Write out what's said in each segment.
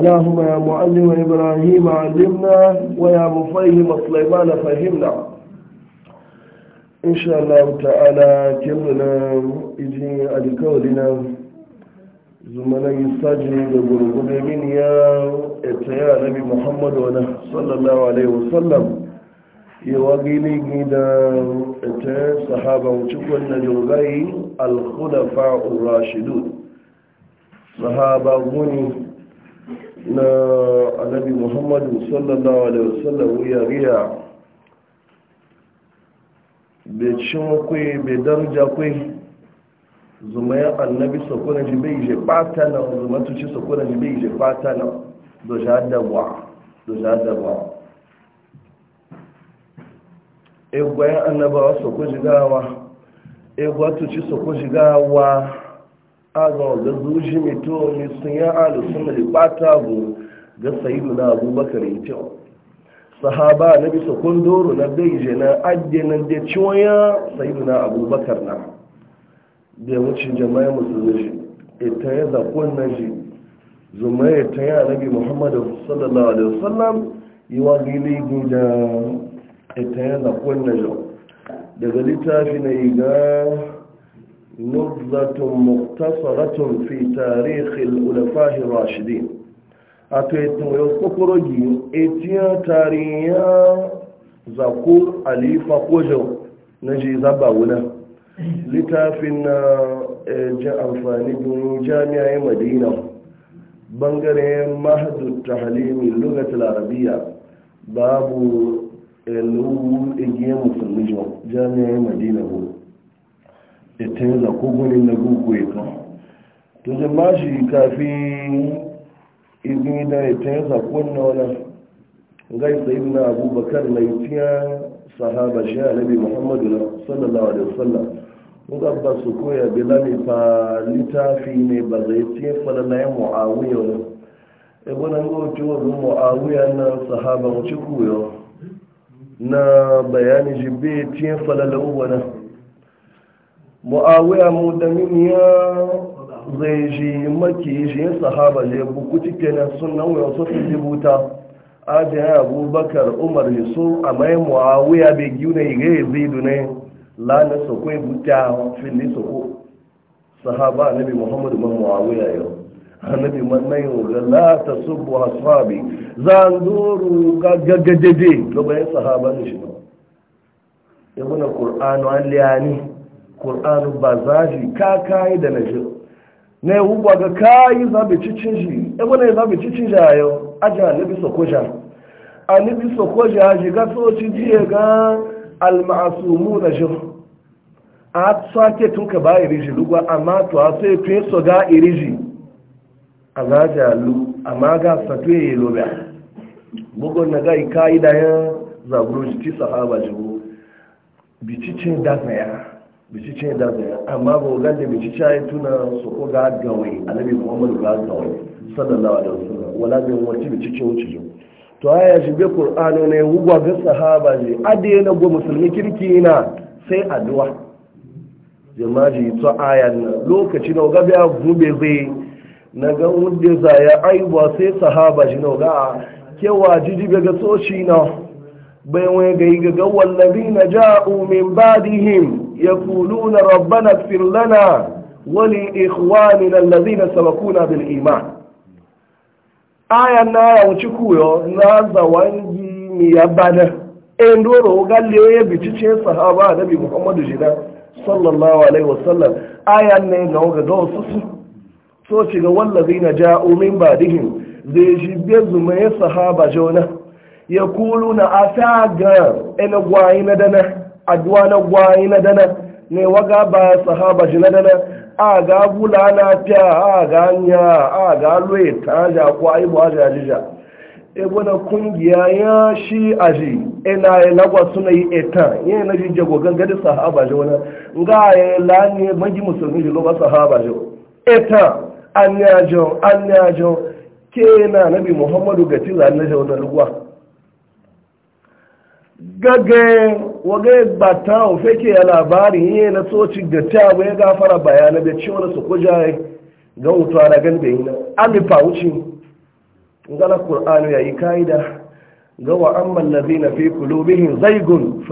اللهم يا معلم إبراهيم علمنا ويا مفهم سليمان فهمنا إن شاء الله تعالى كمنا إجي الكودنا زمنا يساجي بقرب من يا إتيا نبي محمد صلى الله عليه وسلم يوغيني جدا إتيا صحابة وشكونا يوغي الخلفاء الراشدون صحابة غني na annabi muhammadu sallallahu alaihi wasallam ya riya bai cin kwai bai darja kwai zumayar annabi sakuna ji bai je bata na zumatuci sakuna ji bai je bata na da jadawa da jadawa egwayen annabawa sakuna ji gawa egwatuci sakuna ji gawa aga ga zuji mai to ne sun yi alu suna da bata bu ga sayidu na abubakar yi kyau sahaba na bisa kundoro na beije na addinan da ciwoya sayidu na abubakar na da wucin jama'a musulmi shi ita ya zakon na shi zuma ya ta yi anabi muhammadu sallallahu alaihi wasallam yi wa gili guda ita ya zakon na shi daga littafi na iga نبذة مختصرة في تاريخ الألفاء الراشدين أتيتم يسكرجي إتيا تاريا زقور علي قجو نجي زباونا لتافن آه، جاء الفاني بن جامع مدينة بنغرين مهد التحليم اللغة العربية باب الأول آه، إجيام مسلمين جامعة مدينة هو itin za kogunin na gugwe to to jama shi kafin izini da itin za kunna wani gaisa ibn abubakar mai tiya sahaba shi alabi muhammadu sallallahu alaihi wasallam muka ba su koya bilani fa littafi ne ba zai tiya falalayen mu'awiyar e wani ibanan gauci wani mu'awiyar na sahaba mu ci koyo na bayani jibe tiya falalayen wani mu'awiya mu da miniya zai ji maki shi yin sahaba ne buku cike na sunan wuyan su fi jibuta ajiyar abubakar umar yusu a mai mu'awiya bai giyu ne iga ya zidu ne lana su kwai buta fili su ko sahaba nabi muhammadu man mu'awiya yau annabi mannan yau ga la ta subu hasabi zan duru gaggagagage gabayin sahaba ne shi ba ibn qur'an wa liyani ƙur'anu ba zaji ka kayi da na ji na yi ga kayi zaɓi cicin shi ebe na yi zaɓi cicin shi a yau aji annabi sokoja annabi sokoja shi ga soci jiye ga almasumu na shi a sake tun ka ba iriji lugwa amma to a sai tun so ga iriji a zaji alu amma ga satu ya yi lobe bugun na gai kayi da yan zaburu shi sahaba jibu bicicin da yara bicicin da zai amma ba wugan da bicicin ya tuna su ko ga gawai annabi muhammadu ga gawai sallallahu alaihi wasallam wala bin wace bicicin wuce jo to aya shi be qur'ano ne wugwa ga sahaba ji ade na go musulmi kirki na sai addu'a jama'a ji to aya lokaci na ga biya gube zai na ga wanda ya aiwa sai sahaba ji na ga kewa jijibe ga soci na bai wani ga yi ga gawan labi na ja'u min badihim يقولون ربنا اغفر لنا ولإخواننا الذين سبقونا بالإيمان آية نايا وشكويو نازا وانجي ميابانا اندورو قال لي بيتشي صحابة نبي محمد جدا صلى الله عليه وسلم آية نايا نوغا دوسوس سوشي والذين جاءوا من بعدهم زي جبيز زمي صحابة جونا يقولون أتاقا إن واينا دنا addu'a na na dana ne waga ba sahaba ji na dana a ga bula na fiya a ga anya a ga loye ta ja ko ai bo aja jija e bona kungiya ya shi aji ina e ya lagwa suna yi eta yin na jije ga gangade sahaba ji wani nga ya la ne magi musulmi ji loba sahaba ji eta anya jo anya jo ke na nabi muhammadu gatila na jawana gaggayen waga bata ofe ke ya labari yi na tsoci ga ta bai gafara bayanai da ci wani su kujaye ga mutuwa gan da yi na alifa wuce gana ƙur'anu ya yi ka'ida ga wa'amman na fi kulubihin zaigun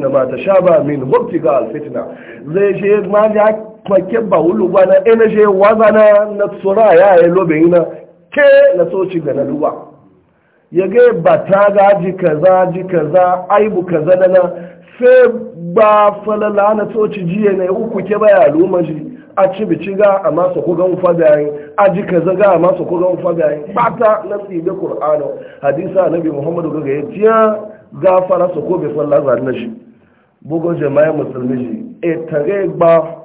na mata sha ba min hukti ga alfitina zai je ma ya kwake ba wulu ba na ina je wazana na tsura ya yi na ke na tsoci ga na duba ya ga ba ta gaji kaza ji kaza aibu kaza da na sai ba falala na toci jiya ne uku ke baya al'umma shi a ci bici ga a masu kogon fagayen a ji kaza ga a masu kogon fagayen ba ta nasi da qur'ano hadisa nabi muhammadu ga ya tiya gafara su ko bai lazar na shi bugun jama'a musulmi ji e tare ba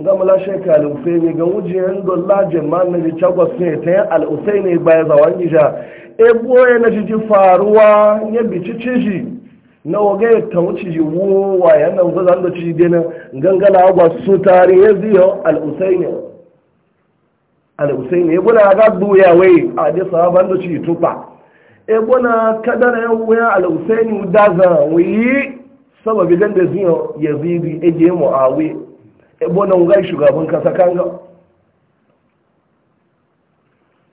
nga mala sheka al-usaini ga wujiyan dolla jama'a na ji chagwa sun ta al-usaini ba ya zawan gija ebo ya na jiji faruwa ya bici na waga ya tamu ciji wowa ya na wuza zanda ciji dina gangana agwa su tare ya ziyo al'usaini al'usaini ebo na aga buya wai a da sahaban da ciji tupa ebo na kadara ya wuya al'usaini daza wuyi sababi da ziyo yazidi ege mu'awi ya na wuga shugaban kasa kanga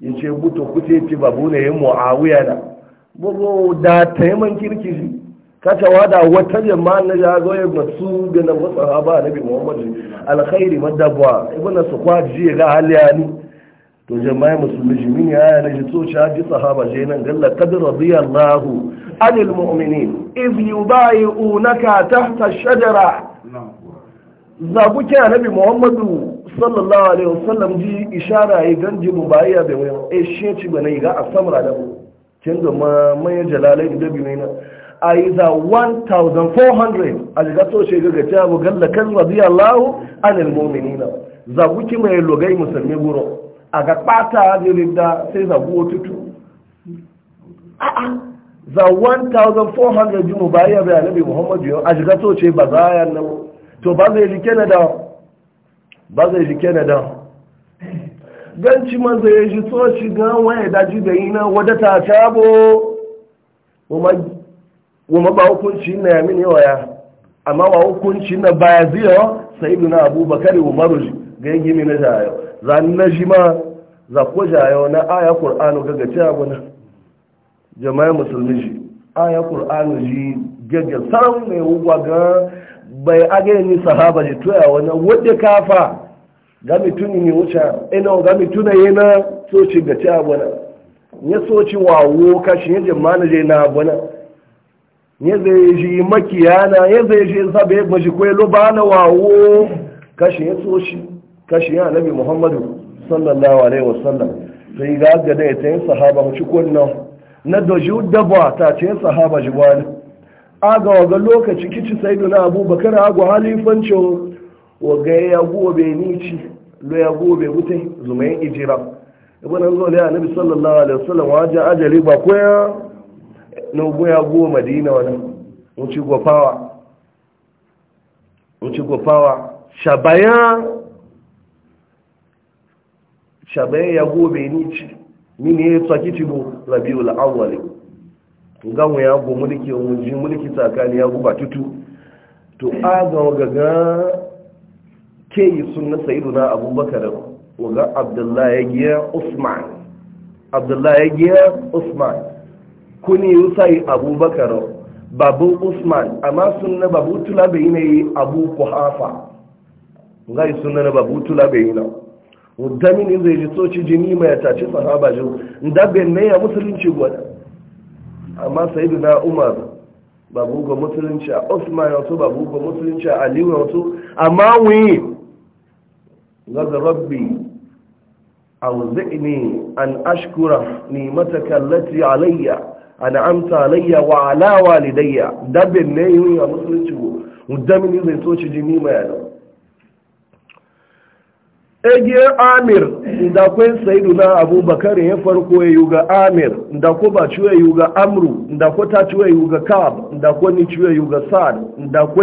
yace buto kute ti babu ne muawiya na Bugu da taiman kirkiji kata wata jama'a na jago ya matsu da na wasu haba na bi muhammadu alkhairi madabwa ibn na sukwa ji ga haliyani to jama'a musulmi jimin ya yana ji so sha ji sahaba je nan galla kad radiyallahu anil mu'minin iz yubayi'unaka tahta shajara zagu ke annabi muhammadu sallallahu alaihi wasallam ji ishara yi ganji mu bayya da wani e shi ci bane ga a samra da mu kin da ma mai jalalai da bi mai na a yi za 1400 a daga to shi ga ta mu galla kan radiyallahu anil mu'minina zagu ki mai logai musulmi wuro. a ga bata da sai zagu tutu a a za 1400 ji mu bayiya bai annabi muhammadu a daga to ce ba za ya nan to ba zai ji canada ba zai ji canada ganci man zai ji shi ga waya daji da yi na wadata ta bo wama ba hukunci na yamin mini amma ba hukunci na baya ziyo sai na abubakar umaru ga gini na jayo zanen na shi ma za ko jayo na aya qur'anu ga gaci abuna jama'a musulmi shi aya qur'anu ji gaga saran mai wugwa ga bai agaye ni sahaba da tuya wani wadda kafa ga mituni ne wuce ina ga mituna yana soci ga ci abuwa ya soci wawo kashi ya jimana je na abuna ya zai ji makiyana ya zai ji zabe maji kwai na wawo kashi ya soci kashi ya nabi muhammadu sallallahu alaihi wasallam sai ga ga ya ta yin sahaba mu ci kunnan na doji dabba ta ce sahaba jibani aga waga lokaci kici sai duna abubakar agwa halifancin waga ya gobe nici lo ya gobe wutai zumayin ijira ibn an zole annabi sallallahu alaihi wasallam waje ajali ba koya ya goya go madina wani pawa gofawa wuci gofawa shabaya shabaya ya gobe nici mini ya tsaki tibo rabiul awwal gawo ya go mulki onji mulki tsakani ya guba tutu to aga gaga ke yi sunna sayyiduna abubakar ga abdullahi ya giya usman abdullahi ya giya usman kuni yusai abubakar babu usman amma sunna babu tula bai ne abu kuhafa ngai sunna na babu tula bai ne mudamin zai ji soci jini mai tace sahaba jin dabbe ne ya musulunci gwada amma sayidu na umar babu ga musulunci a osman wasu babu ga musulunci a aliyu wasu. amma wuyi gaza rabbi a ne an ashkura nimataka allati alayya an'amta alayya wa ala walidayya dabin ne yi a musulunci go mudamin zai so jini mai yana egiyar amir da kwen sayyiduna abubakar ya farko ya yuga amir da ko ba yi yuga amru da ko ta yi yuga kab da ko ni yi yuga sad da ko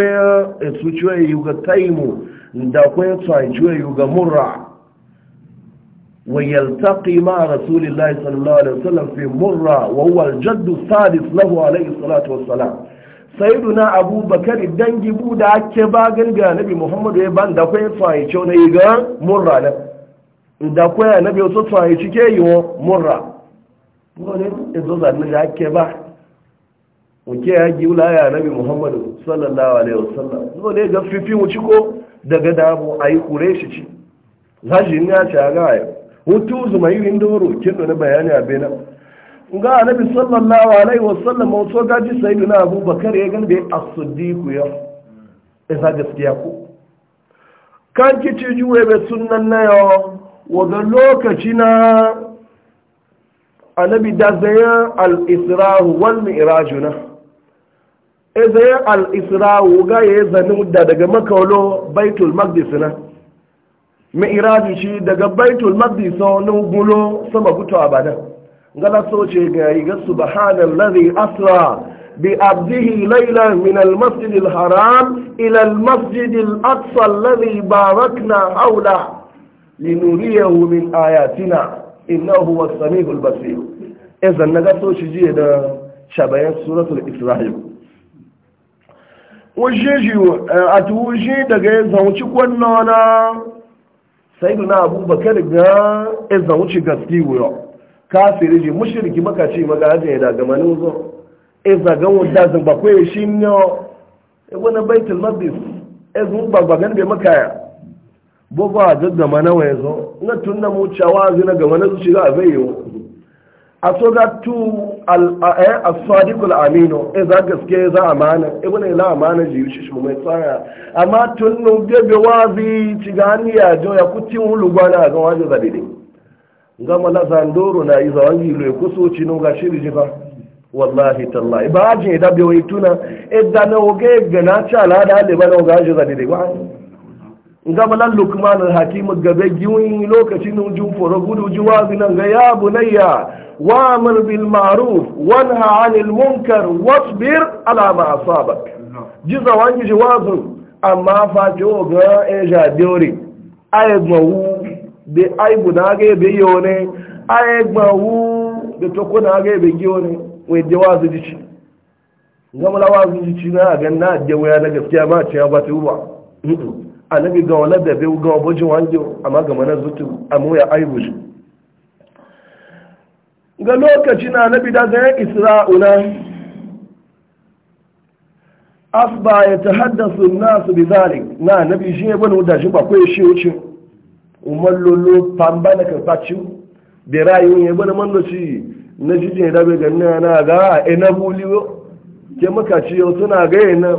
su yi yuga taimu da ko ta yi yuga murra wa yaltaqi ma rasulillahi sallallahu alaihi wasallam fi murra wa huwa al-jaddu sadis lahu alaihi salatu wassalam sayyiduna abubakar dangi buda ake ba ganga nabi muhammadu ya ban da ko ta ciwo na yuga murra da koya na biyu so tsaye cike yi wa murra wani izo zanen da ba muhammadu sallallahu alaihi ga daga damu a yi shi bayani a bena ga anabi sallallahu alaihi wasallam wato gaji sayidu na abubakar ya gan bai as-siddiq ya isa gaskiya ko kan kici juwe be sunnan na yawa waga lokaci na annabi da zayen al'isra'u wani irajuna e zayen al'isra'u ga ya yi zanen da daga makaulo baitul magdis na mai iraju shi daga baitul magdis na gulo sama guto abada gana so ce ga yi ga lari asra bi abdihi laila min al-masjid al-haram ila al-masjid al-aqsa alladhi barakna linuriyahu min ayatina innahu was-sami'ul basir izan naga so shi jiya da shabayan suratul isra'il wajeji eh, a tuwuji daga ya zauci kwanna na sai na abubakar ga ya zauci gaski wuyo kafiri ji mushriki makaci magajin ya daga mani zo ya zagan wadda zan bakwai shi ne ya wani baitul maqdis ya zun bagbagan bai makaya bogo a gaggama nawa ya zo na tun da muca wazi na gama na zuci za a zai wa a so ga tu a sadikul amino e za gaske za a mana, e bane la amana ji yi shi mai tsaya amma tun nun gebe wazi ci ga hannu ya jo ya kutin hulu gwana a gawa da zabi gama la zandoro na yi zawon yi loye kusa ci nun ga shiri ji ba wallahi tallahi ba ajin ya dabe wai tuna e da na oge gana ci alada ne ba na oga ji zabi ba ga malan lukman al-hakim gabe giwin lokacin ujun foro gudu juwa zinan ga ya bunayya wa amr bil ma'ruf wanha 'anil munkar wasbir ala ma asabak jiza wangi jiwazu amma fa jo ga e ja diori ay gbawu be ay bunaga be yone ay gbawu be toko na ga be giwone we jiwazu dici ga malawazu dici na ga na jewa waya na gaskiya ma ce ba tuwa annabi ga wani da biyu, ga waboji wange amma ga mana zutu amma ya aibu shi ga lokaci na annabi da zai isra'una asba ya haddasa nasu bi zalik na annabi shi ya bani da shi ba ko shi wucin umar lolo famba na karfaci da rayuwa ya bani man shi na jijin ya dabe ganna na ga enabuliyo ke makaci yau suna gaya na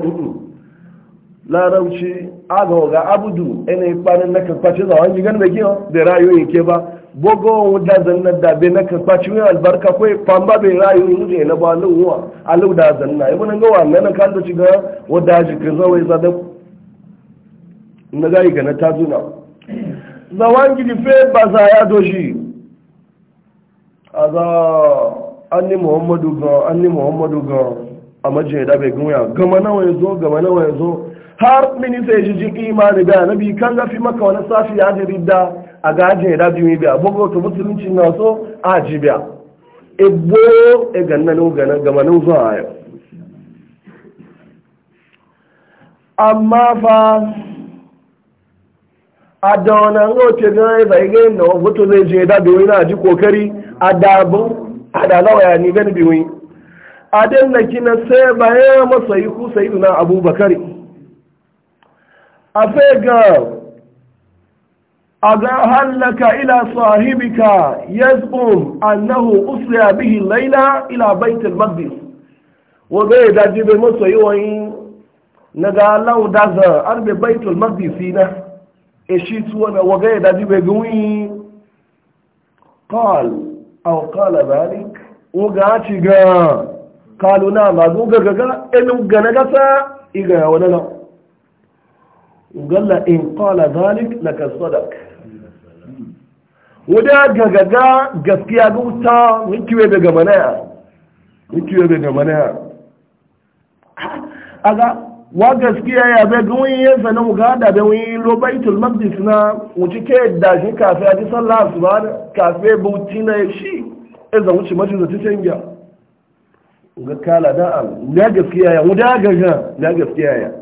larauci agawaga ga abudu ina ikpanin na kwace za wani gani da giyo da rayuwa ke ba bogo da zanna da be na kwace wani albarka ko bai be rayoyin ne na ba luwa alu da zanna ibu nan ga wannan na kan da ci ga wadda ji ka zawai za da na ga ga na ta zuna za wani fe ba za ya doshi aza anni muhammadu ga anni muhammadu ga a majiyar da bai gama gama nawa ya zo gama nawa ya zo har mini sai jiji imani da nabi kan gafi maka wani safi ya ji ridda a gajin da biyu biya bugu to musulunci na so a ji biya igbo e ganna gana gama zuwa ayo amma fa a da wani rote na zai ga na wato zai je da biyu na ji kokari a dabu a da lawaya ni gani biyu a dan na kina sai bayan masa yi afega aga hallaka ila sahibika yazum annahu usriya bihi laila ila baitul maqdis wa bai da jibe maso yoyin naga law daza arbe baitul maqdis na eshi tuwana wa bai da jibe gwi qal aw qala zalik uga ci ga kalu na ma guga gaga enu ga na gasa iga wannan galla in qala zalik laka sadaq wuda gagaga gaskiya ga wuta mutuwe daga manaya mutuwe daga manaya aga wa gaskiya ya bai ga wani yin sanin mu gada da wani lobaitul maqdis na wuce ke da shi kafe a sallah su ba da na shi ya zama wuce majin zata canja ga kala da'am ya gaskiya ya wuda gaga ya gaskiya ya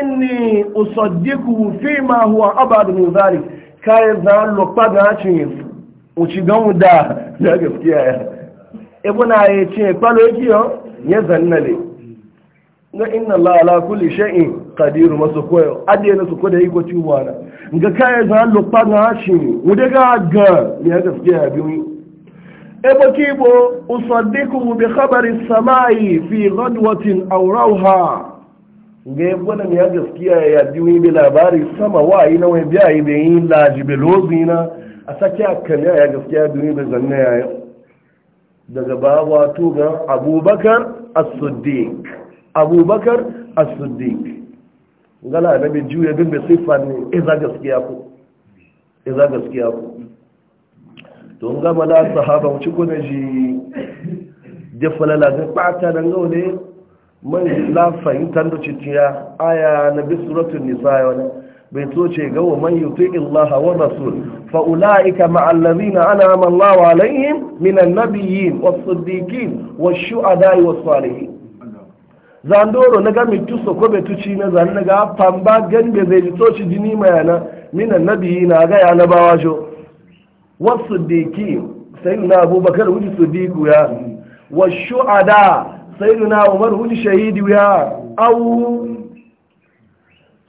inni usaddiku fi ma huwa abad min zalik kai za lo paga cin o ci gan da da gaskiya ya e kuna yi ce palo yake yo ya zannale na inna allaha ala kulli shay'in qadir masu yo ade na su ko da iko ci wana ga kai za lo paga cin o de ga ga ya gaskiya ya bo ebo kibo usaddiku bi khabari samai fi ghadwatin aw rawha ga yabunan ya gaskiya ya biyu yi labari sama wa yi na wani biya yi da yi laji belozi na a sake akan ya gaskiya biyu da zanne ya yi daga babuwa ga abubakar as-siddiq abubakar as-siddiq gala na bi juya bin da siffa ne iza gaskiya ku iza gaskiya ku to ga mala sahaba mu ci ko ne ji defala falala ga pata dan ga ne mai la fahimtar da ciciya aya na bi suratul nisa wani bai to ce ga wa man yuti illaha wa rasul fa ulaika ma allazina an'ama Allahu alaihim min an was-siddiqin was shuhada was-salihin zandoro na ga mitu so ko betu ci na zan ga pamba gan be zai to ci jini na min an ga ya na bawa jo was-siddiqin sayyidina abubakar wuji siddiqu ya wash-shuhada' sayyiduna umar huji shahidi wuya au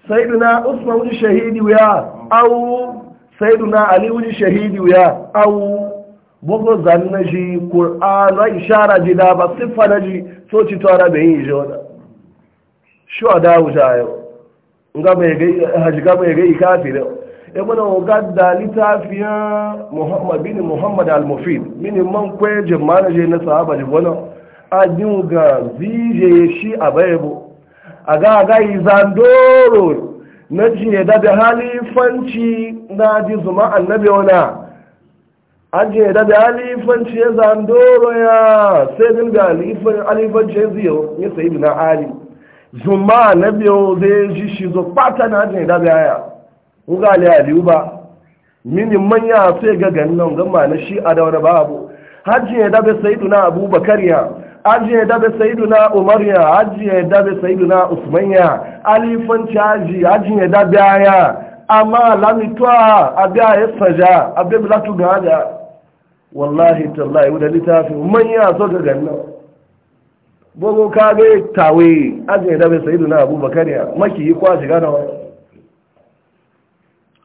sayyiduna usman huji shahidi wuya au sayyiduna ali huji shahidi wuya au bugu zanna ji qur'an ra ishara ji da ba sifa na ji so ci to arabe yi jona shu ada wujayo nga mai ga haji ga mai ga ikafire ibn ugadda litafiya muhammad bin muhammad al-mufid min man kwe jama'a je na sahaba ji ajin ga zije shi a bayabo a ga agaghị zandoro na jiye da da halifanci na ji zuma annabi wana ajiye da da halifanci ya zandoro ya sai din da halifanci ya ziyo ya sayi na ali zuma annabi zai ji shi zo pata na ajiye da da haya ga ali aliyu ba mini manya sai ga ganin nan gama na shi a da wani babu hajji ya dabe sai na abubakar ya ajiye dabe na umar ya ajiye dabe sayiduna usman ya alifanci aji ajiye dabe aya amma lamitwa abiya ya saja abiya bilatu gada wallahi tallahi wadda littafin manya so ga ganna ka kage tawe ajiye dabe na abubakar ya maki yi kwa shiga na wani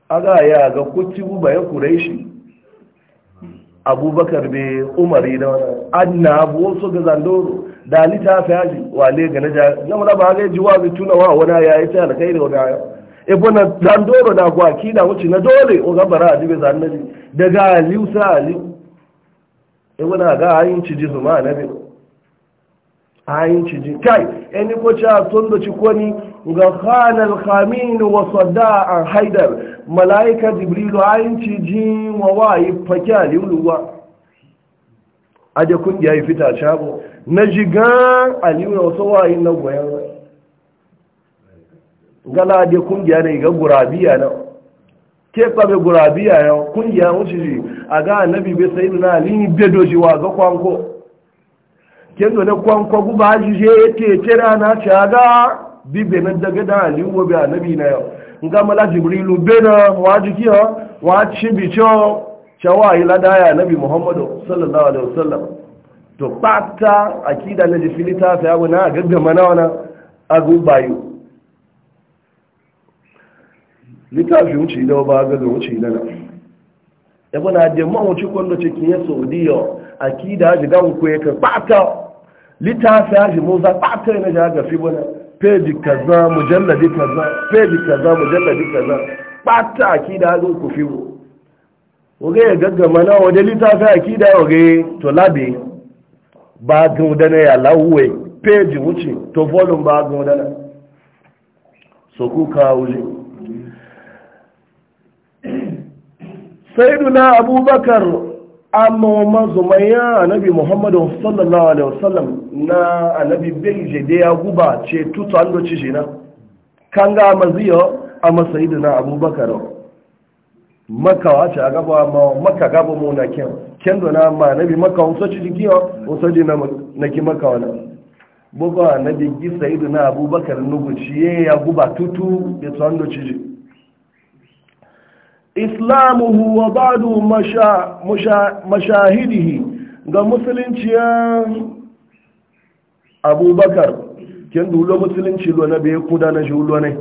aga ya ga kuci guba ya kure abubakar be umari da wani adina abu wasu ga zandoro da ni ta fi haji ne ga na jari na wani ba ga ji wazi tuna wa wani ya yi ta alkai da wani ya ibu e, na zandoro da gwaki na wuce na dole o ga bara ajibe zannaji daga aliyu sa aliyu ibu e, na ga ayin ciji zuma na biyu ayin ciji kai eni ko ci a tondo ci ko ni ga khanal khamin wa sadda an haidar malaika jibrilu ayin ci ji wa wayi fake aliuluwa a da kungiya yi fita shago na jigan aliyu wasu wayi na goyon gala da kungiya ne ga gurabiya na ke kwabe gurabiya yau kungiya wuce ji a ga annabi bai sayi na alini bedo wa ga kwanko kendo na kwanko guba ji je ya tece rana ci a ga bibe na daga da aliwo bi annabi na yau nga mala jibrilu bena wa jiki ha wa chibi cho chawa ila daya nabi muhammadu sallallahu alaihi wasallam to pata akida na jifilita fa yawo na gaggama na wana agu bayu litafi wuce da ba ga ga wuce da na ya bana da mu wuce kwando cikin ya saudiya akida ji ga ku ya ka pata litafi ya ji mu za pata ne ga ga fi peji kaza mujalladi kaza peji kaza mujalladi kaza bata akida hazo ku fi mu oge ya gaggama na waje littafi akida oge to labe ba gaudana ya lauwe peji wuce to volume ba gaudana so ku kawule sayyiduna abubakar amma wannan zumaya annabi muhammadu sallallahu alaihi wasallam na annabi bai je da ya guba ce tutu an doci shi na kan ga maziyo a masayi na abubakar maka wace a gaba ma maka gaba mu na kyan kyan na ma annabi maka wasu ci jiki wasu ji na ki maka wani bugu annabi gisa idu na abubakar nugu ciye ya guba tutu ya tsohon doci islamuhu wa ba'du mashahidihi ga musulunciyar abubakar kin dulo musulunci lo na bai kuda na julo ne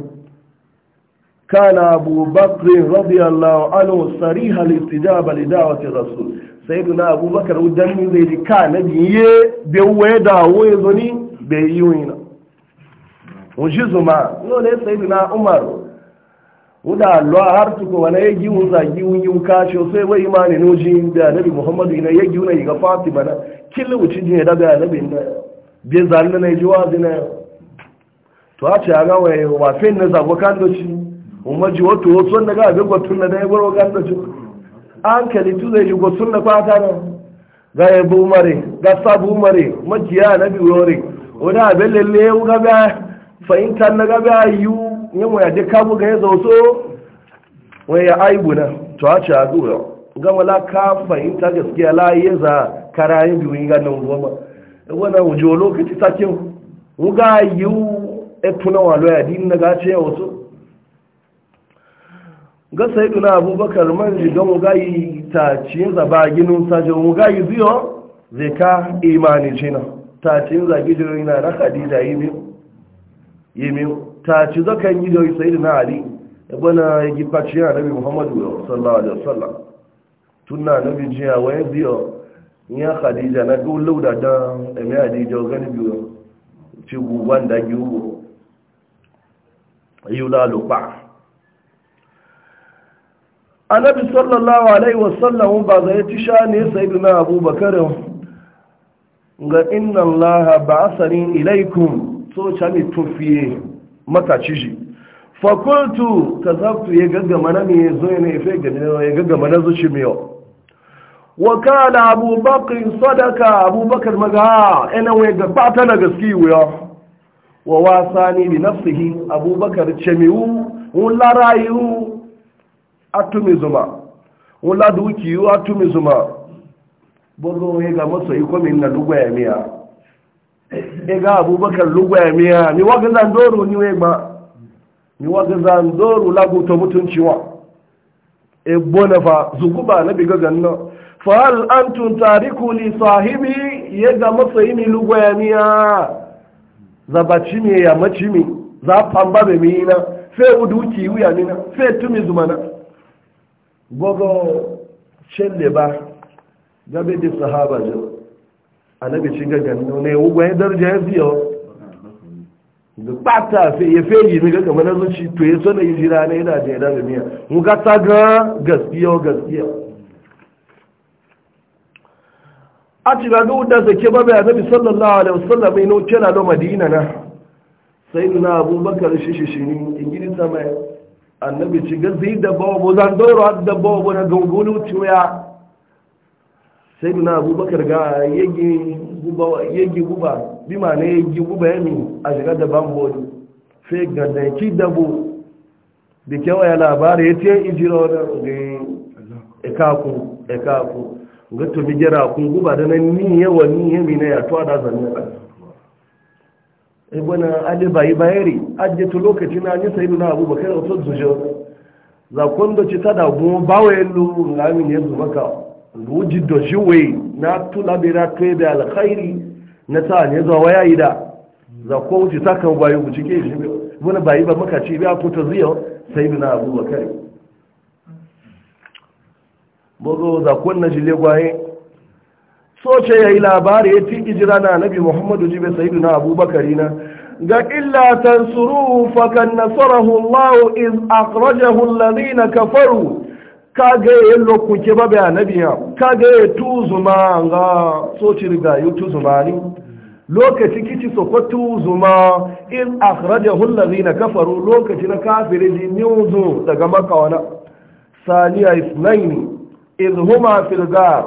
kana abubakar radiyallahu anhu sariha al-istijaba li da'wati rasul sayyiduna abubakar udan ni zai ka na biye bai waye da waye zoni bai yi wina no ne sayyiduna umar wuda lo har ko wala ya giwu za giwu ka sho sai wai imani nuji da nabi muhammadu ina ya giwu na ga fatima na killa wuci jin da ga nabi na bi zan na ji wazi na to a ce ga wai wa fen na zago kan do shi umma ji wato wato na ga ga gwatun na da yabo gwaro kan do shi an li tu da ji gwatun na fata na ga ya bu mare ga bu mare majiya nabi wore wuda belle lalle ya ga fahimtar na ga yu yin waya da kabu ga ya zauso ya aibu na to a ci a dura gama la ka fahimta gaskiya la yin za karayin biyu yi ganin goma wannan wujo lokaci sakin yiwu yi etuna walo ya din na gace ya wasu ga sai duna abubakar man jiga wuga yi ta ci zaba ginin sajin wuga yi ziyo zai ka imani cina ta ci zagi jirina na khadija yi biyu yi biyu tace zakan yi da sayyidina na ali bana ya gi ya nabi muhammadu sallallahu alaihi wasallam tunna nabi jiya wayan biyo ya khadija na go lauda da emi khadija gani biyo ci wanda da giwo ayu la ba annabi sallallahu alaihi wasallam ba zai ci shani sayyidina abubakar ga inna allaha ba'athani ilaikum so chami tufiye mataci shi fakultu ka zaftu ya gaggama na mai zo ya nefe gani ya gaggama na zuci mai wa kana abubakar sadaka abubakar maga ina eh, wai gabata fata na gaske wuya wa wasa ni bi nafsihi abubakar cemiwu wula rayu tumi zuma wula dukiyu tumi zuma bugu ya ga masoyi kwamin na dugwa ya miya ga abubakar ya miya ni waga zandoro ni wai ba ni waga zandoro laguta mutunciwa e bona fa zuguba na biga ganna fa hal antum tariku li sahibi yaga masayini ya miya zabaci ne ya macimi za pamba be mina fe uduki uya mina fe tumi zumana gogo chelle ba gabe de sahaba jama'a anabi ga gannu ne ugwa ya darja ya fiyo da bata fe ya yi ne ga kamar zuci to ya sona yi jira ne yana da yana da miya mu ga ta ga gaskiya gaskiya a ci ga da zake babu anabi sallallahu alaihi wasallam ino kira da madina na sai na bakar shi shi shi ne ingilisa mai annabi ci ga zai da babu zan doro da babu na gungulu tuya sai duna abubakar ga yagi guba bi ma na yagi guba yami a shiga da bambodi sai ga danki dabo da kyau ya labari ya ce ijira wani ga ikaku e ikaku e ga tobi gira kun guba da nan ni yawa ni yami na ya tuwa da zanen ba ibana alibayi bayari ajiyatu lokaci na ni sai duna abubakar otu wasu zujo zakon da ci ta da gumo bawa yallo ramin ya zuma kawo ruji da shiwe na tula bai na kai da alkhairi na ta ne zuwa waya yi da za ko wuce ta kan bayi ku cike shi wani bayi ba muka ce biya ko ta ziyo sai bi na abu ba kare za ko na shi legwaye so ce ya yi labari ya tiki jira na nabi muhammadu bai sai bi na abu bakari na ga illa tansuruhu fakan nasarahu allahu iz akhrajahu alladhina kafaru kaga ya lokuke ba bai anabiya kaga ya tuzuma ga ci riga yi tuzuma ne lokaci kici ko tuzuma in akhraja hullazi na kafaru lokaci na kafirin ji niuzu daga makawana saniya islaini izhuma filgar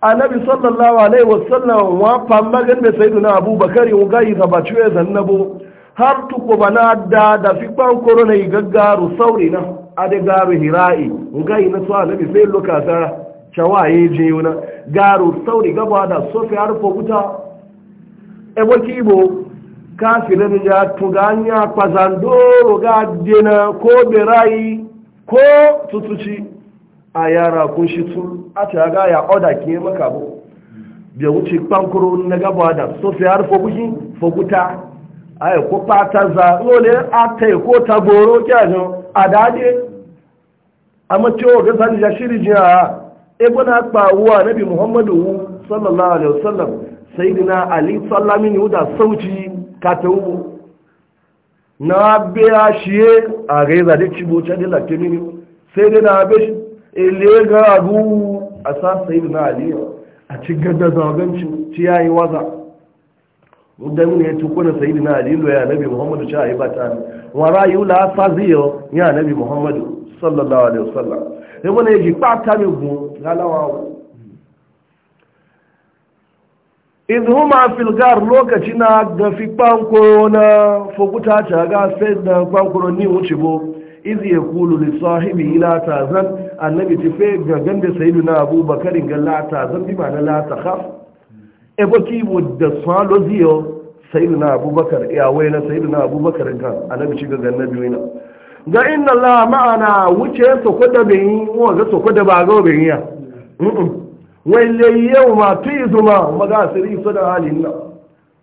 annabi sallallahu alaihi wasallam wa mai gan na abubakar wa gayi zabacu ya zannabo har tuko na da da fi kwan yi gaggaru sauri na. ade garu hira'i ngai na so annabi sai lokata chawaye je yuna garu sauri gaba da sofi harfo guta e boki ibo kafirin ya tuganya kwazandoro ga dena ko berayi ko tutuci a yara kun shi tun a ta ga ya oda ke maka bu bai wuce na gaba da sofi harfo guta ayi ko pata za lole akai ko taboro kyanu adade amma cewa ga sani jashiri shiri jiya e bana kpawo nabi muhammadu sallallahu alaihi wasallam sayyidina ali sallami ni da sauci ka tawo na biya shiye a e, e ga reza da cibo ta da lafi mini sai dai na biya ele ga abu a sa sayyidina ali a cikin da zaganci ciyayi waza dan ne tukuna sayyidina ali lo ya nabi muhammadu cha ayi bata wa rayu la faziyo ya nabi muhammadu sallallahu alaihi wasallam e ne yi pata mi gun galawa idhuma fil gar lokaci na ga fi kwanko na Fokuta, ta ga sai da kwanko ni wuce bo izi ya kulu li sahibi la tazan annabi tife ga gande Sayidu na abubakar ga la tazan bi ma la takhaf ebo kibo da salo ziyo sayyidina abubakar iyawai na sayyidina abubakar ga annabi shiga ga annabi wina ga inna la ma'ana wuce su kwada bin wa ga su kwada ba ga bin ya wai yau ma tuizu ma maga siri su da halin na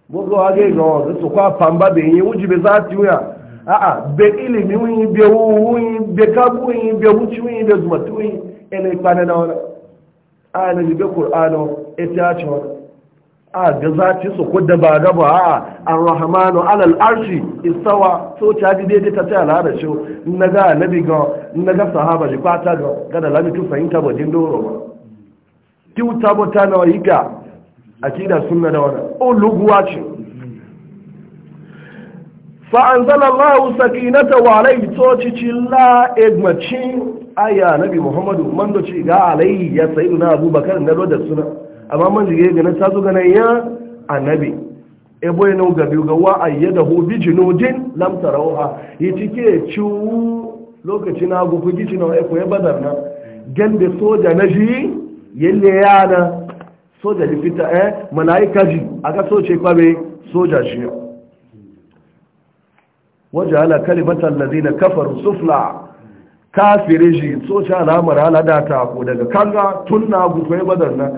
bugu age ga wa ga su kwa pamba bin yi wuji be za ti ya a be ilimi wi be wi be kabu wi be wuci wi be zuma tu wi ene kana na wala a ne be qur'ano ita ta wala a ga ci su ko da ba gaba a an rahmanu alal arshi istawa so ta ji dai ta tsaya al'ada shi na ga nabi ga na ga sahaba ji kwata ga ga da lamitu fahimta ba jin doro ba ta nawa na yika akida sunna da wani. o luguwa ce fa anzala allah sakinatahu alayhi to ci ci la egmaci aya nabi muhammadu mando ci ga alayhi ya na abubakar na lodar suna amma man jige ga na tazo ga ya annabi e boye no ga biyu ga wa hu bi junudin lam tarawha yitike chu lokaci na go ku gici na e ko badar na be soja na ji yalle yana soja ji fita eh malaika ji aga soce kwabe soja shi wajala kalimatan ladina kafaru sufla kafirin shi soce alamar halada ta ko daga kanga tunna gukwai badar na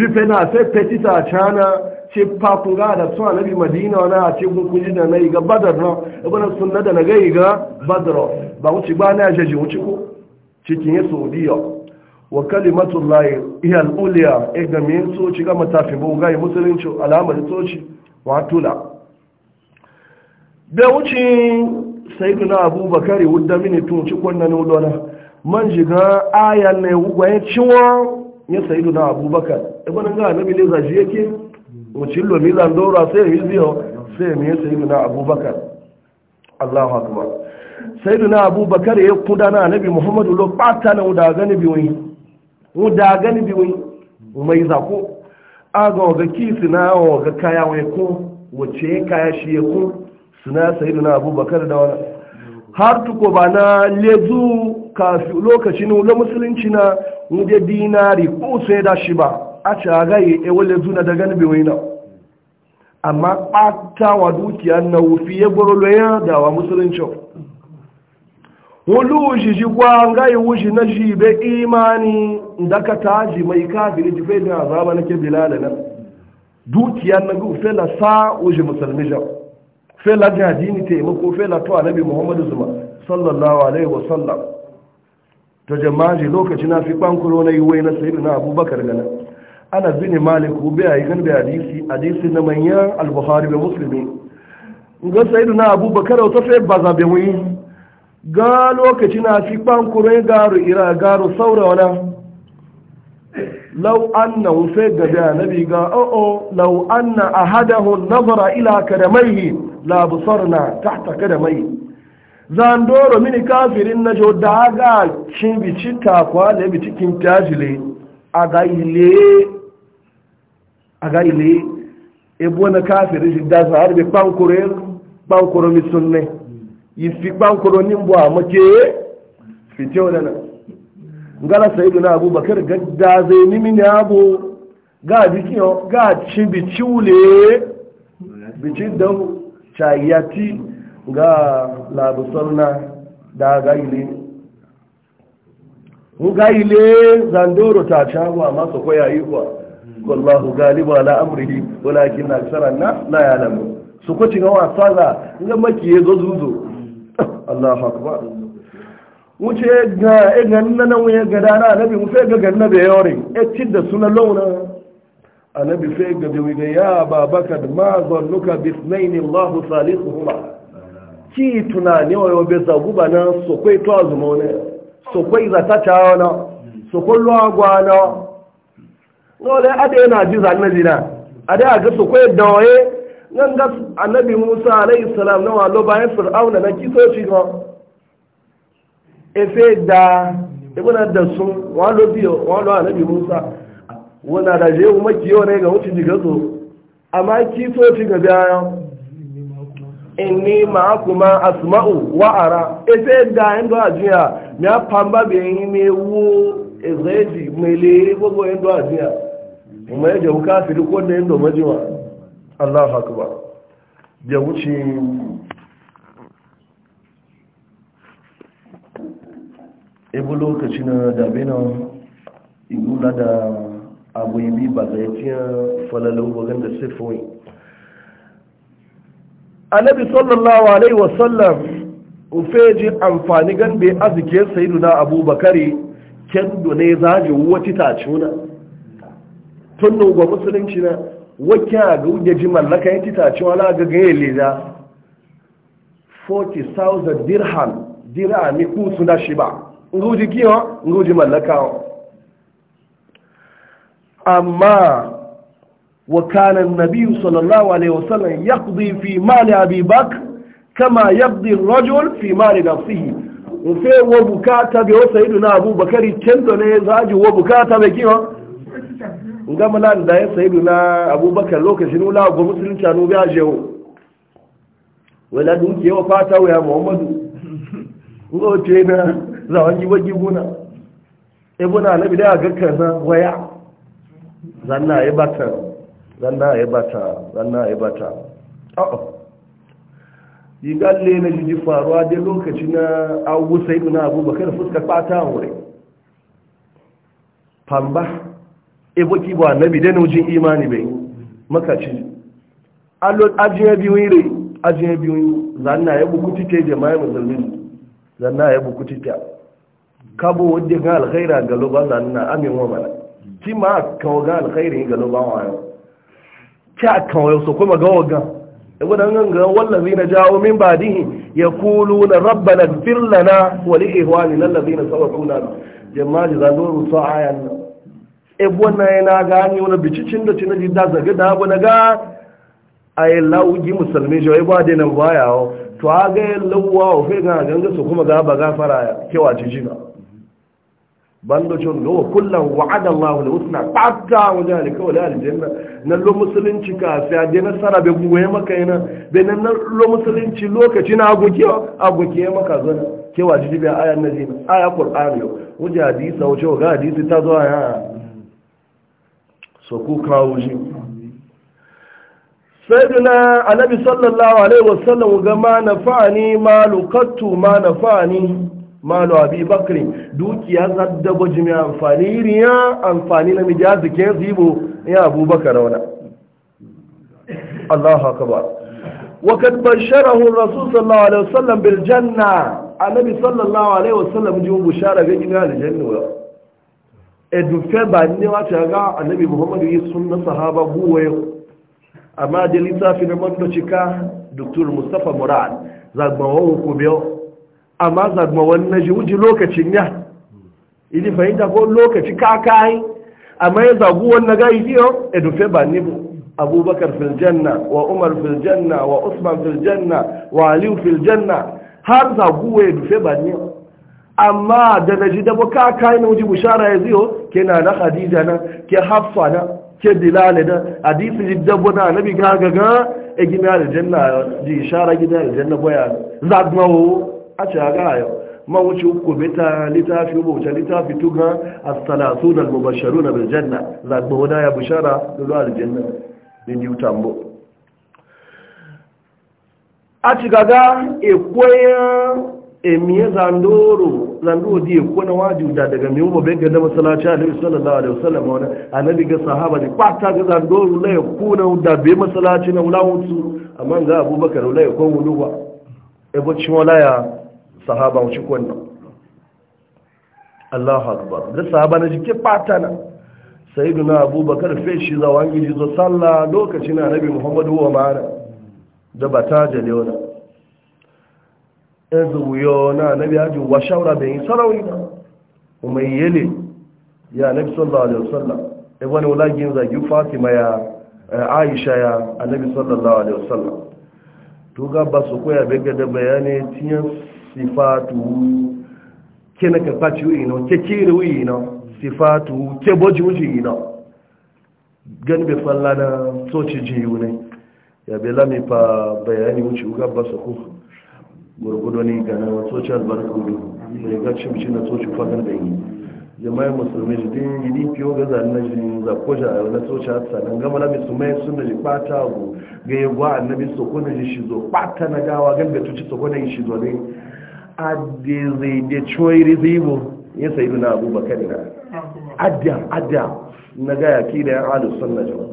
fife na sai petita cana ce papunga da su anabi madina wani a ce kuji da na yi ga badar na ibana sunna da na gai ga badar ba wuce ba na jaji wuce ko cikin ya saudiya wa kalimatun layi iya al'uliya ya game yin soci ga matafi ba ga yi musulunci alamar soci wa tula bai wuce sai duna abubakar wudda mini tun cikon kwanan wudona man ga ayan ne ya ciwon ya sayidu na abubakar ibn ga annabi le zaji yake mu cillo mi landora sai mi ziyo sai mi sayidu na abubakar Allahu akbar sayidu na abubakar ya kuda na anabi muhammadu lo pata na da gani bi wani mu da gani bi wani mai zako aga ga kisi na ga kaya wai ko wace kaya shi ya ko suna sayidu na abubakar da wani har tuko ba na lezu kafi lokaci ne wula musulunci na wuje dinari ko sai da shi ba a gaye e wale zuna da gani bai na amma ɓata wa dukiya na wufi ya gboro loya da wa musulunci wulu wushi shi kwa ngai wushi na shi be imani da ka taji mai kafiri da fai na ke bilala na dukiya na gu fela sa wushi musulmi jau fela jadini taimako fela to annabi muhammadu zuma sallallahu alaihi wasallam ta jama'aji lokaci na fi kwankuro na yi wai na sayidu na abubakar gana ana zini maliku biya a yi kan disi hadisi hadisi na manyan al-buhari bai musulmi ga sayidu na abubakar wata fai ba zaɓe wuyi ga lokaci na fi kwankuro ya garu ira garu saura wana lau an na wufe ga na bi ga o'o lau an na ahadahu nazara ila kadamaihi labusar na tahta kadamaihi zandoro mini kafirin na jo daga cin bici takwa da bici kin tajile a ga ile ebo na kafirin shi da zahar bi kpankoro mi sunne yi fi kpankoro ni mbu a make fitewa da na ngala sai na abubakar gadda zai nimi ne abu ga jikin ga cin bici wule bici don cayati ga labusarna da gaile gaile zandoro ta cagwa masu kwaya yi kuwa wallahu galiba ala amrihi walakin na aksara na la yalamu su kwaci ga wasa ga makiye zo zuzo Allahu akbar wuce ga e ganna nan wuya ga dana na, mu sai ga ganna da yore e cin da sunan launa anabi sai ga da ya babaka ma zannuka bi ithnain Allahu salisuhuma ki tunani wayo be zaguba na so kwai to azuma ne so kwai zata ta na so kullu agwa na no le ade na ji zanna dina ade ga so kwai dawaye nan ga annabi Musa alayhi salam na wallo bayan e fir'auna na kiso shi ma efe da ibuna e da sun wallo biyo wallo annabi Musa wana da je umma kiyo ne ga wucin digazo amma e kiso shi ga bayan inni ma'akuma asma'u wa ara ese da endo ajiya mi a pamba be yin mi wu eji mele gogo endo ajiya mo e je uka fi ko ne endo majiwa Allahu akbar je wuci na dabe na igula da annabi sallallahu alaihi wasallam ufeji amfani gan bai azike sayyiduna abubakari kendo ne zaji wati tacuna tunnu ga musulunci na wakya ga wuje ji mallaka yati tacewa la ga gaye leda 40000 dirham ni ku suna shi ba nguji kiyo nguji mallaka amma وكان النبي صلى الله عليه وسلم يقضي في مال أبي بكر كما يقضي الرجل في مال نفسه وفي وبكاتا بيوسيدنا أبو بكر يتشندو نيزاج وبكاتا بكيما ngama nan da ya sayi na abubakar lokacin wula ga musulunci a nubiya jewo wadda duk yawa fata wuya muhammadu wote na zawon gibagi guna ebuna na bidaya gakkar na waya zanna ya bata zanna ya bata zanna ya bata a'a yi galle na jiji faruwa dai lokaci na abu sai na abu bakar fuska fata wuri famba eboki ba nabi da nujin imani bai makaci ajiyar biyu rai ajiyar biyu zanna ya bukuti ta jama'a musulmi zanna ya bukuti ta kabo wadda ga alkhaira galo ba zanna amin wa mana kima kawo ga alkhairi galo ba wa yau kya kan wayo so kuma gawo ga ibn ganga na jawo min badihi yaquluna na ighfir lana wa li ihwanina allazina sabaquna jama'a zaluru sa'ayan ibn yana gani wani bicicin da tinaji da zaga da abu A ay lauji musulmi jo ibn da nan bayawo to aga lauwa wa fe ga ganga so kuma ga ba gafara kewa jijina bando chon go kullum wa'ada Allah da wa zalika wa alkawali janna na lo musulunci ka sai a dena sara be goye maka yana be nan lo musulunci lokaci na a agoge maka zana ke wa jibi aya nazi aya qur'ani wajen hadisi wace ga hadisi ta zo aya so ku kawo shi sayyidina annabi sallallahu alaihi wasallam ga ma nafa'ani ma luqattu ma nafa'ani malu abi bakri dukiya zaddabo jimi amfani riya amfani na mija zike zibo ya abubakar wala Allahu akbar wa kad basharahu rasul sallallahu alaihi wasallam bil janna annabi sallallahu alaihi wasallam ji bushara ga jinna al janna wa edu fe ba ni wa ta a annabi muhammadu yi sunna sahaba yau. amma da lissafi na mutuci ka dr Mustapha murad zagbawo ku biyo amma zagma wannan ji wuji lokacin ya ili fahimta ko lokaci kakai amma ya zagu wannan ga idiyo edufe ba nibu abubakar fil janna wa umar fil janna wa usman fil janna wa aliyu fil janna har zagu ya edufe ba ni amma da na ji da kakai na wuji bushara ya ziyo ke na na khadija na ke hafsa na ke bilal da hadisi jiddabo na nabi ga ga ga e gina aljanna ji ishara gina aljanna boya zagmawo a ce haga yau mawuci uku mita littafi wuce littafi tuga a salatu na mubasharu na biljanna zaɓi wani ya bishara da zuwa aljanna da new tambo a ci gaga ekwayen emiye zandoro zandoro di ekwo na waji da daga mai umar bai gada masalaci a nabi sallallahu alaihi wasallam wani a nabi ga sahaba ne kwata ga zandoro na ya kuna da bai masalaci na wula wutu amma ga abubakar wula ya kwan wuluwa ebo cin wala ya sahaba wuce kwanan Allahu akbar da sahaba na jike sai duna abubakar feshi wa gidi zo sallah na annabi muhammadu wa mara da ba ta bata jalewa ezu na nabi hajji wa shawra bin sarawi ne? ya nabi sallallahu alaihi wasallam e wani wulagin zagi fatima ya eh, aisha ya nabi sallallahu alaihi wasallam to ga ba su koya bai gada bayanai bayani tiyan sifatu ke na karfa ciwo ino ke kiri wuyi ino sifatu ke boji wuji ino gani bai falla na soci jiyu ne ya bai lami fa bayani wuce wuga ba su ku gurgudu ne gana wa soci albarka wudu mai ga cimci na soci fagar da yi jama'in musulmi ji din yi di fiyo ga zanen na jini za ko ja na soci hatsa nan gama lami su mai sun da ji kwata abu ga yi gwa annabi soko na ji shi zo kwata na gawa gani bai tuci soko na yi shi zo ne adi zai da coyi zibo ya sayi na abubakar na adda adda na gaya ki da yan alu sannan jama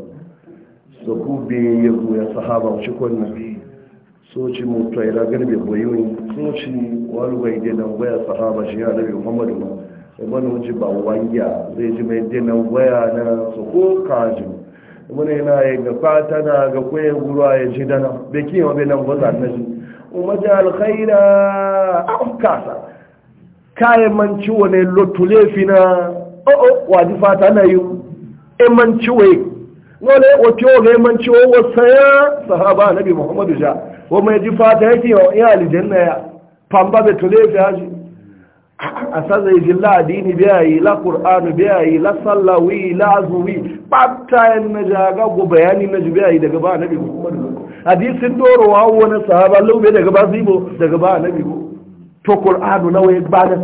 su ku be ya goya sahaba wuce kwanna so ci ragar tsaira garbe boyoyi so ci walu bai da nan sahaba shi ya nabi muhammadu ma ibn wuce ba wanya zai ji mai dina waya na su ko kaji mun yana yi ga fata na ga kwaye guruwa ya ji dana be kiyo be nan gwazan na ji ومجال خيرا أم كاسا كاي من شوان اللوتو ليفنا أو أو وادفات أنا يوم إي من شوي ولي وتيوغ إي من شوي وصيا صحابة نبي محمد جاء وما يدفات هيتي يا لجنة يا فانبا بتوليف يا جي أساس إجلاء ديني بيائي لا قرآن بيائي لا صلاوي لا عزوي بابتا ينجاقا وبياني نجي بيائي دقبا نبي محمد جاء hadisin dorowa wani sahaba laube daga ba zibo daga ba annabi ko to qur'anu nawa ya bada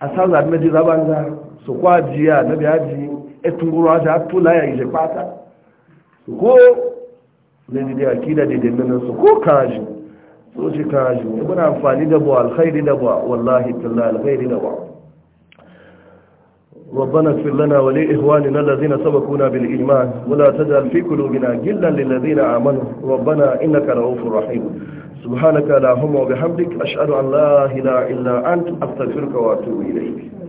a san zabi na jiza ban za su kwajiya na biyaji etun gurwa ta tula ya ije fata su ko zai da akida da dandanan su ko kaji so shi kaji ibn amfani da bu alkhairi da bu wallahi tallahi alkhairi da bu ربنا اغفر لنا ولإخواننا الذين سبقونا بالإيمان ولا تجعل في قلوبنا غلا للذين آمنوا ربنا إنك رؤوف رحيم سبحانك اللهم وبحمدك أشهد أن لا إله إلا أنت أستغفرك وأتوب إليك